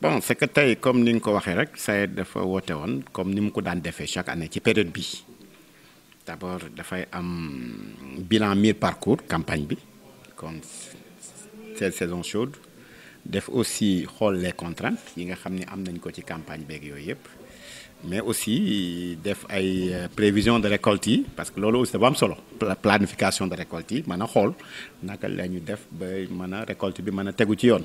bon c'est que tey comme ni nga ko waxee rek SAED dafa woote comme ni ko daan défé chaque année ci période bi d'abord fay am bilan mi-parcours campagne bi comme cette saison chaude def aussi xool les contraintes yi nga xam am nañ ko ci campagne bék yooyu yëpp mais aussi def ay euh, prévision de récolte yi parce que lolo aussi dafa am solo planification de récolte yi mën xol naka lañu def ba mën récolte bi mën a ci yoon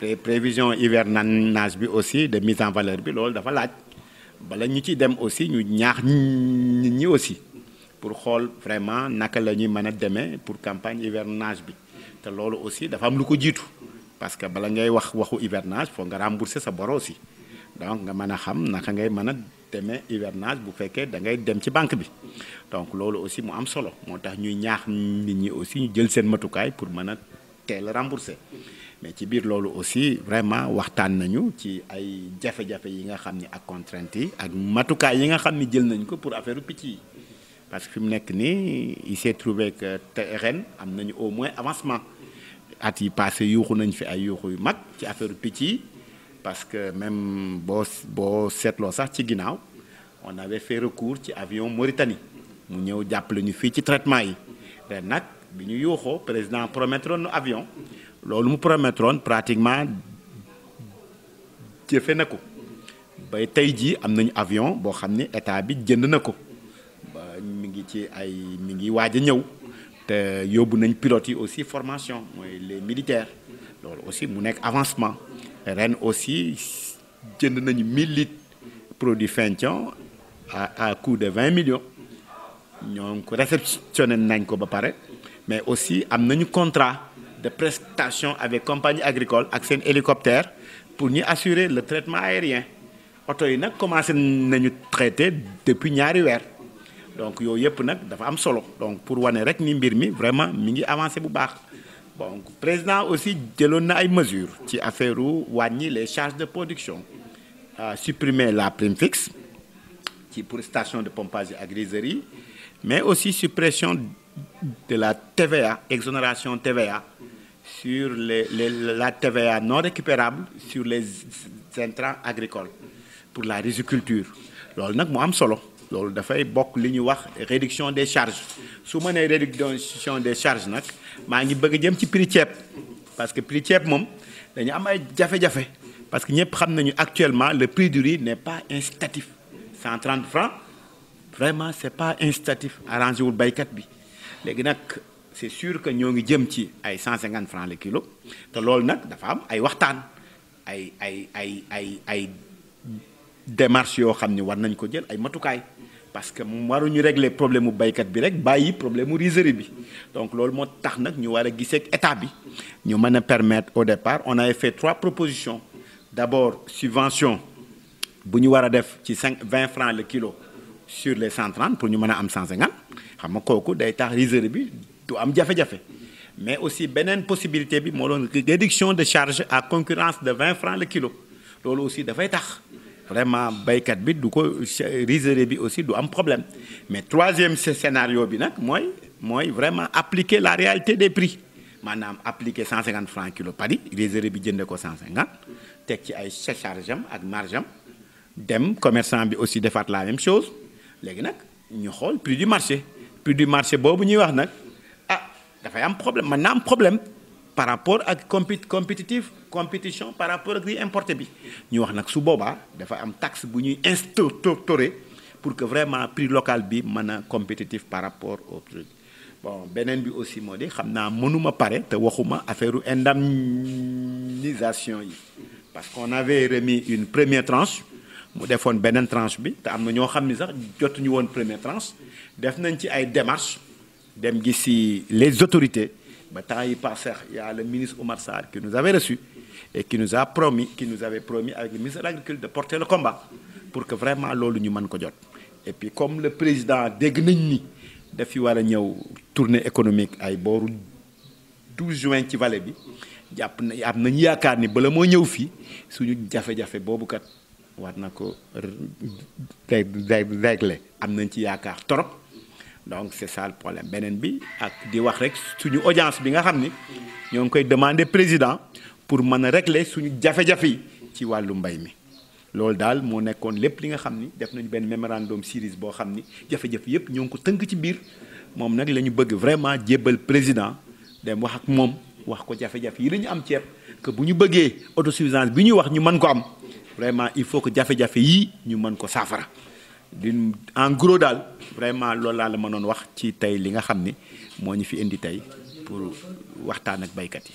prévision hivernage bi aussi de mise en valeur bi lolou dafa laaj bala ñu ci dem aussi ñu ñaax nit ñi aussi pour xol vraiment naka la ñuy mën pour campagne hivernage bi té lolou aussi dafa am lu ko parce que bala ngay wax waxu hivernage fo nga rembourser sa bor aussi donc nga mëna xam naka ngay mëna a hivernage bu féké da ngay dem ci banque bi donc lolou aussi mu am solo motax tax ñuy ñaax nit ñi aussi ñu jël seen matukay pour mëna a teel rembourser mais ci biir loolu aussi vraiment waxtaan nañu ci ay jafe-jafe yi nga xam ni ak contraintes yi ak matukaay yi nga xam ni jël nañ ko pour affaire picc yi parce que fi mu nekk nii il s'est trouvé que TRN am nañu au moins avancement at yi passé yuuxu nañ fi ay yuuxu yu mag ci affaire picc yi parce que même boo boo seetloo sax ci ginnaaw on avait fait recours ci avion Mauritanie mu ñëw jàppale ñu fii ci traitement yi ren nag bi ñu yuuxoo président promettre na avion loolu mu promettre pratiquement jëfe na ko bay tey jii am nañu avion boo xam ne état bi jënd na ko ba mi ngi ci ay mi ngi waaj a ñëw te yóbbu nañ pilote yi aussi formation mooy les militaires loolu aussi mu nekk avancement ren aussi jënd nañu 1000 litres produit Fentian à à coût de 20 millions ñoo ngi ko réceptionné nañ ko ba pare mais aussi am nañu contrat de prestations avec compagnie agricole avec hélicoptère pour nous assurer le traitement aérien yi commencé nañu traiter depuis ñaari donc yo yep nous dafa am solo donc pour wane rek ni vraiment mi avancé bon président aussi de na ay mesures ci affaire ou les charges de production supprimer la prime fixe qui pour station de pompage à griserie mais aussi suppression de la TVA exonération TVA sur les, la TVA non récupérable sur les intrants agricoles pour la riziculture loolu nag mu am solo loolu dafay bokk li ñuy la réduction des charges su ma la réduction des charges nag je ngi bëgg a jëm ci prix cheap parce que prix ceeb moom dañu am ay jafe-jafe parce que nous savons actuellement le prix du riz n'est pas incitatif 130 francs vraiment c'est pas incitatif arrangé wul baykat bi léegi nag c'est sûr que ñoo ngi jëm ci ay 150 francs le kilo te loolu nag dafa am ay waxtaan ay ay ay ay ay démarches yoo xam ni war nañ ko jël ay matukaay parce que waruñu régler problème mu baykat bi rek bàyyi problème mu bi donc loolu moo tax nag ñu war a giseeg état bi ñu mën a permettre au départ on avait fait trois propositions d'abord subvention bu ñu war a def ci 20 francs le kilo sur les 130 pour ñu mën a am 150 xam nga kooku day tax rizerie bi du am jafé-jafé mais aussi benen possibilité bi moo réduction de charge à concurrence de 20 francs le kilo C'est aussi dafay tax vraiment baykat bi du ko riserie bi aussi du am problème mais troisième scénario bi vraiment appliquer la réalité des prix maanaam appliquer 150 cinquante francs kilo pari riserie bi jënde ko 150 cinquante teg ci ay charge am ak marge am dem commerçant bi aussi fait la même chose léegi nag ñu xool prix du marché prix du marché boobu ñuy wax nag dafay un problème maintenant un problème par rapport à compétitif compétition par rapport à li importé bi ñu wax nag su boba dafa am taxe bu ñuy instaurer pour que vraiment prix local bi mën compétitif par rapport au prix bon Benen bi aussi moo di xam naa mënuma pare te waxuma affaire indemnisation parce qu'on avait remis une première tranche mu defoon beneen tranche bi te am na ñoo xam ni sax jotuñu première tranche def nañ ci ay démarches les autorités il y a le ministre Omar Sarr qui nous avait reçu et qui nous a promis qui nous avait promis avec le ministre de l'agriculture de porter le combat pour que vraiment nous nous manque et puis comme le président de de ni dafi tournée économique ay 12 juin ci vallée il y a am nañu yaakaar ni a été fait fii suñu jafe-jafe boobu kat war na donc c'est ça le problème benen bi ak di wax rek suñu audience bi nga xamni ñong koy demander président pour mën régler suñu jafé jafé ci walu mbay mi lool dal mo nekkoon lepp li nga xamni def nañu ben memorandum series bo xamni jafé jafe yépp ñong ko teunk ci bir mom nak lañu bëgg vraiment djébal président dem wax ak mom wax ko jafé jafé yi lañu am ceeb que buñu bëggé autosuffisance biñu wax ñu mën ko am vraiment il faut que jafé jafé yi ñu mën ko saafara d'une en gros daal vraiment loolu laa la mënoon wax ci tay li nga xamni ni ñu fi indi tay pour waxtaan ak baykat yi.